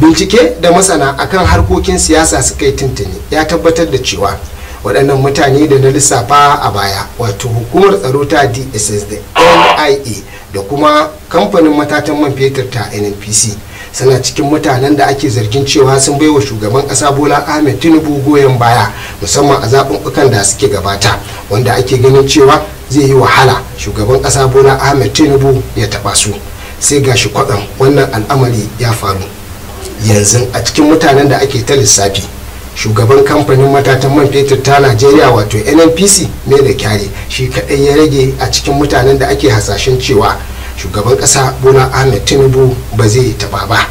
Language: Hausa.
bincike da masana akan harkokin siyasa suka yi tuntuni ya tabbatar da cewa waɗannan mutane da na lissafa a baya wato hukumar tsaro ta dss da nia da kuma kamfanin matatan man fetur ta nnpc suna cikin mutanen da ake zargin cewa sun bai wa shugaban ƙasa bola ahmed tinubu goyon baya musamman a zaɓuɓɓukan da suke gabata wanda ake ganin cewa zai yi wahala shugaban ƙasa bola ahmed tinubu ya taɓa su sai gashi kwaɗan wannan al'amari ya faru yanzu a cikin mutanen da ake ta lissafi shugaban kamfanin matatan man fetur ta najeriya wato nnpc ne da kyare shi kaɗai ya rage a cikin mutanen da ake hasashen cewa shugaban ƙasa bola ahmed tinubu ba zai taɓa ba